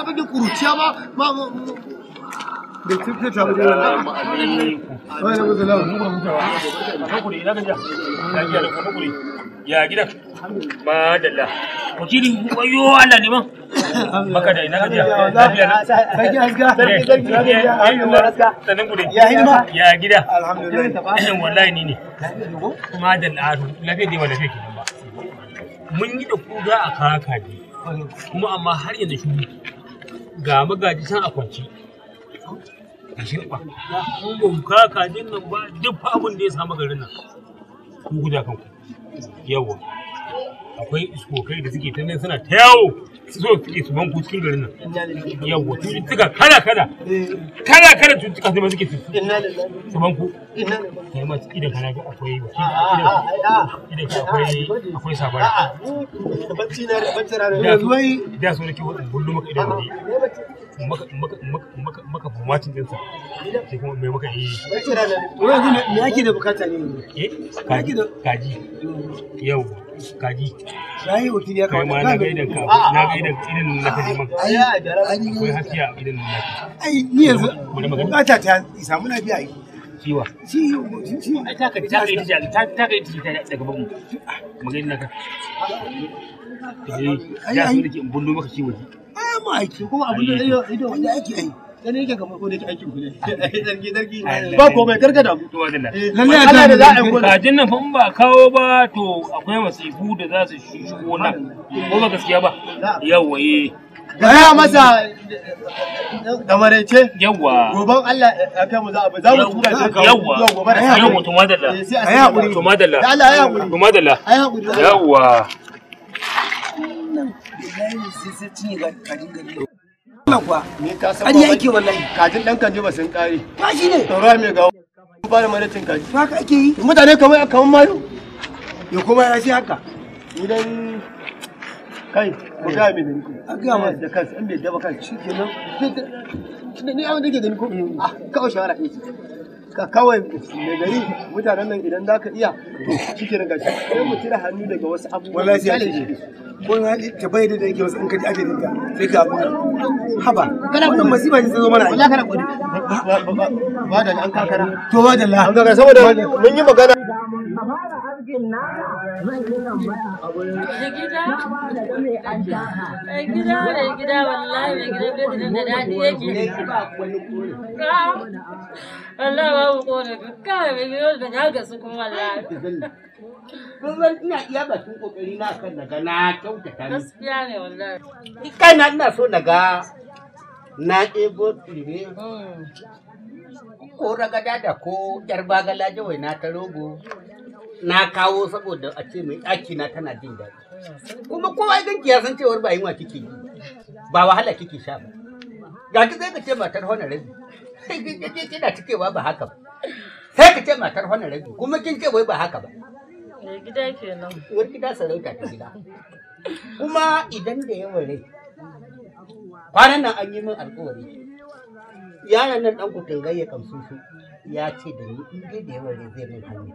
abin kuruciya ba ma da cikin ta bude wannan gaja ya gida da ya gida madalla wakili wayo Allah ne ma baka da ina gaja lafiya na sarki haska eh, sarki eh, eh, ya hidima ya gida alhamdulillah wallahi ni ne lafiya dai wala fake mun yi da kuga a kaka ne kuma amma har yanzu shi ga magaji can a kwance a shirɓa kun ba din nan ba duk abin da ya samu garin nan ku guda kanku yawa akwai iskokai da suke ta suna ta yawo su suke su su banku garin nan yawwa cututtuka kala kala kala kala cututtuka sai ma suke su su ma idan kana akwai idan ka akwai akwai bacci na bacci na da da so nake wannan maka idan maka maka maka maka din sa sai kuma mai maka yi bacci na da yanzu me yake da bukata ne eh kaji kaji kaji yayi wakili ya na gaida ka na gaida idan na kaje man idan na ai ni yanzu ta biya ciwa ta ka ta kai ta ta kai ta daga babu ka ai ya maka ciwo ai ma da ido wanda ake gani yake kamar ko ne yake aikin ku ne zargi zargi ba ko mai gargada mu to eh, lalle Allah da za a yi kajin nan fa in ba kawo ba to akwai masifu da za su shigo nan ko ba gaskiya ba Yawwa, eh gaya masa da maraice yawwa, goban Allah eh, a kai mu za a za mu shi gobe da eh, sai mu tuma dalla ai hakuri Allah ai hakuri ai hakuri cinye ga kadin gari Allah kuwa. Ni ka san ƙarya yake wallahi. Kajin ɗan kanji ba sun ƙare. shi ne. mai gawo. Ku ba da madatin kaji. Ba ka ake yi. Mutane kamar a Ya kuma ya sai haka. Idan kai ku ga mai da A ga ma da kansa in bai daba kansa Ni ke Ah kawo shawara kai. ka kawai mai gari mutanen nan idan za ka iya to shi ke gashi sai mu tira hannu daga wasu abubuwa wallahi sai ake ko na hali ta bai da yake wasu in ka ji ake dinka sai ka abu haba wannan masifa ce ta zo mana wallahi kana kudi ba da an kakara to ba da Allah saboda mun yi magana jirgin na zan yi tambaya a wurin na ba Mai gida mai gida wallahi mai gida da daɗi yake. Wallahi kone mai gida da gasu kuma wallahi. Kun san ina iya batun kokari na kan na ga na kyautata Gaskiya ne wallahi. ina so na ga na ɗebo turmi. Hmm. Ko ragada da ko ƴar bagalaje na ta rogo. na kawo saboda a ce mai ɗaki na tana jin daɗi kuma kowa idan ki ya san cewar ba yunwa kike yi ba wahala kike sha ba ga ki sai ka ce matar honorable kike kina cikewa ba haka ba sai ka ce matar rabi kuma kin ce wai ba haka ba mai gida kenan wani gida sarauta ta gida kuma idan da yawa rai kwanan nan an yi min alƙawari yaran nan ɗan kutun gayya kamsu ya ce da ni in da yawa rai zai min hanya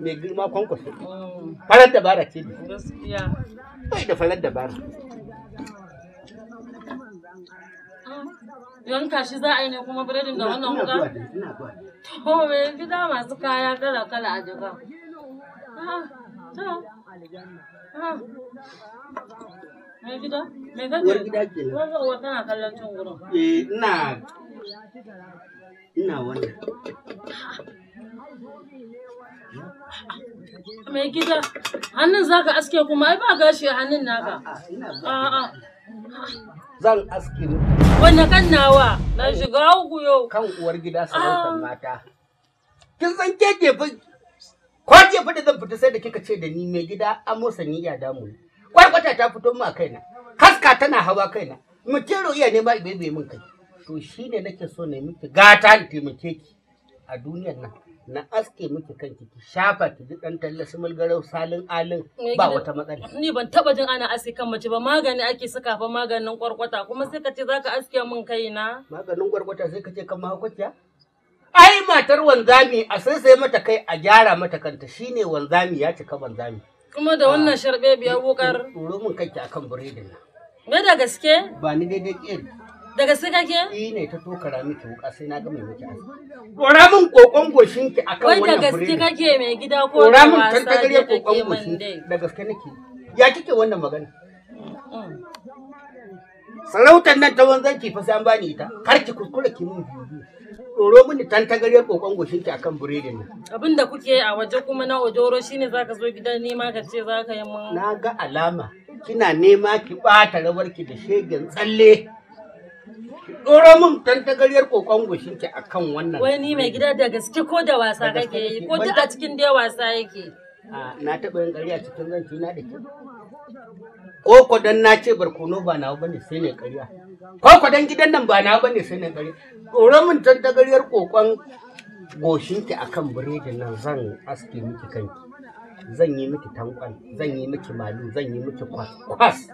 mai girma kwankwaso oh. farar dabara ce ne bai da farar dabara ah. yanka shi za a yi ne kuma biredin da wannan wuka to me gida masu kaya kala kala a jika ah, ah. me gida me gida gida ke wannan uwar tana kallon cin gurin eh ina ina wannan Mai gida, hannun zaka aske kuma ai ba gashi a hannun naka. A'a. Zan aske ne. Wanne kan nawa? Na shiga uku yau. Kan uwar gida ah. sarautar mata. Kin san ke ke fi ko ke fi da zan fita sai da kika ce da ni mai gida an ni saniya damu. Kwarkwata ta fito ma kaina. haska tana hawa kaina. Mutero iya ne ibe bai bai min kai. To shine nake so na miki gata in taimake ki a duniyar nan. na aske miki kanki ki shafa ki ji dan talla sumul garau salin alin ba wata matsala ni ban taba jin ana aske kan mace ba magani ake saka fa maganin kwarkwata kuma sai ka ce zaka aske min kaina maganin kwarkwata sai ka ce kan mahaukaciya ai matar wanzami a sai sai mata kai a gyara mata kanta shine wanzami ya cika wanzami kuma da wannan sharbe biya wukar tsoro mun kanki akan biredin nan me da gaske ba ni daidai kiyar Da gaske kake? Eh ne ta tokara miki wuka sai na ga mai miki azu. Kora min kokon goshin ki akan wannan fure. Wai da gaske kake mai gida ko Kora min tantagariyar kokon goshin da gaske nake. Ya kike wannan magana? Mm. Sarautar nan ta wanzanci fa sai an bani ita. Kar ki kuskura ki mun biyu. Tsoro mini tantagariyar kokon goshin ki akan buredin nan. Abin da kuke a waje kuma na odoro shine zaka zo gidan nema ka ce zaka yi mun. Na ga alama kina nema ki bata ki da shegen tsalle. Dora min dan tagariyar kokon goshin ki akan wannan. Wai ni mai gida da gaske ko da wasa kake yi ko duk a cikin dai wasa yake. Na taɓa yin ƙarya cikin zanci na da ke. Koko don na ce barkono ba nawa bane sai ne ƙarya. Koko don gidan nan ba nawa bane sai ne ƙarya. Dora min dan tagariyar kokon goshin ki akan biredin nan zan aske miki kanki. Zan yi miki tankwan, zan yi miki malu, zan yi miki kwas.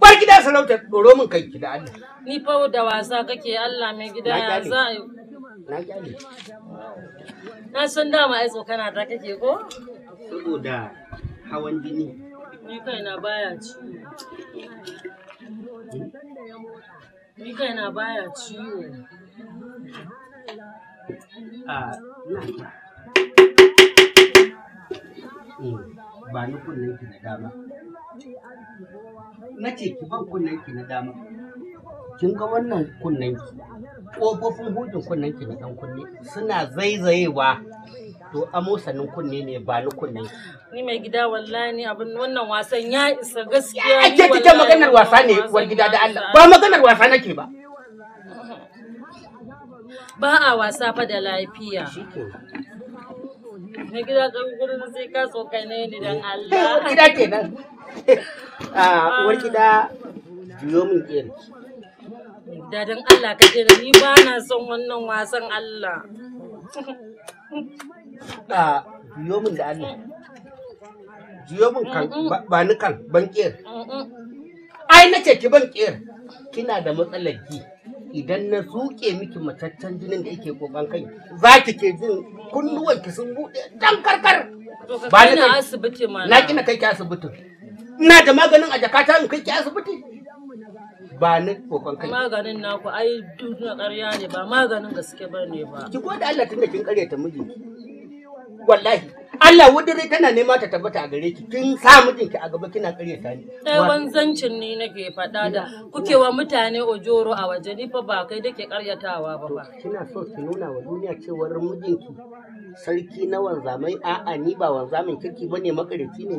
Bar gida sarauta ɗoro min kai da Allah. Ni fa da wasa kake Allah mai gida ya za a Na kyale. Na san dama ai tsokana ta kake ko? Saboda hawan jini. Ni kaina baya ciwo. Ni kaina baya ciwo. Ah, a hmm, ba ni kunnen ki na dama. na ce ki ban kunnen ki na dama kin ga wannan kunnen ki kofofin hudun kunnen ki na dan kunne suna zaizayewa to amo sanin kunne ne ba ni kunnen ki ni mai gida wallahi ni abin wannan wasan ya isa gaskiya ai ke kike maganar wasa ne wal gida da Allah ba maganar wasa nake ba ba a wasa fa da lafiya na gida dan gurin sai ka so kai ne dan Allah gida kenan Ah, ah. uwar gida juyo min Allah ka jira ni ba na son wannan wasan Allah a ah, min da Allah min kan ba ni kan ban ƙeri ai nace ki ban ƙeri kina da matsalar ki idan na zuke miki mataccen jinin da yake kokan kai za ki ke jin kunnuwanki sun buɗe dan karkar ba ni asibiti ma na kina kai ki asibitin ina da maganin a jakata in kai ki asibiti ba ni kokon kai maganin naku ai duniya ƙarya ne ba maganin gaske ba ne ba ki gode Allah tunda kin kare ta miji wallahi Allah wudure tana nema ta tabbata a gare ki kin sa mijinki a gaba kina kare ta ne eh wanzancin ni nake faɗa da kuke wa mutane ojoro a waje ni fa ba kai dake ƙaryatawa ba ba kina so ki nuna wa duniya cewar mijinki sarki na wanzamai a'a ni ba wanzamin kirki bane makareci ne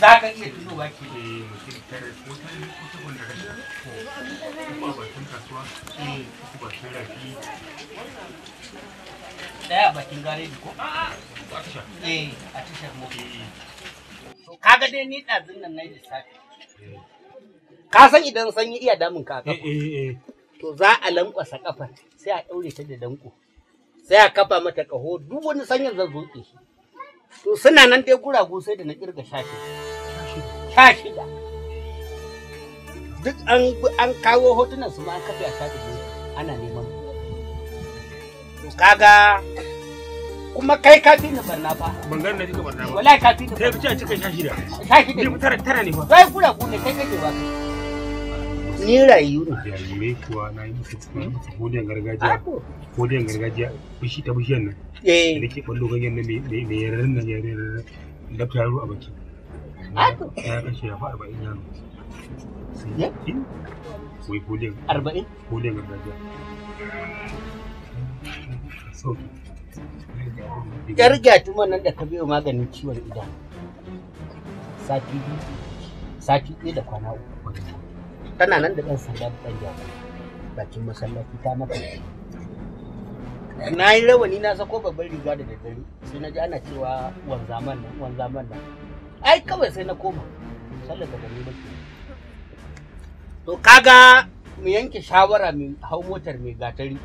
za ka iya eh, tunowa eh, ke daya bakin gare gareji ko eh a tashar eh. ka ga dai ni ɗazin nan na yi lissafi ka san idan sanyi iya damun ka to za a lankwasa kafar sai a ɗaure ta da danko sai a kafa mata kaho, duk wani sanyin zan zoƙe shi to suna nan dai guragu sai da na kirga shafi sha shida duk an kawo hotunan su ma an kafa a shafi ana neman to kaga kuma kai ka fi ni barna ba ban garna duka barna ba wallahi ka fi ni kai bice cika sha da sha shida ni tara tara ne fa kai kula ku ne kai kake ba ni rayu ne jarirai kuwa na yi musu hmm? godiyan gargajiya godiyan gargajiya bishi ta bishiyan nan eh nake ballo ganyen nan me yararren nan yararren lafta yaro a baki ya kashe ya fa nan da ka biyo maganin ciwon idanu sati biyu sati ɗaya da kwana uku tana nan da ɗan sanda da ɗan jago bakin masallaci ta maka na yi rawani na sako babban riga da daddare sai na ji ana cewa wanzaman nan wanzaman nan ai kawai sai na koma sallar da gari ba to kaga mu yanke shawara mu hau motar mai gatari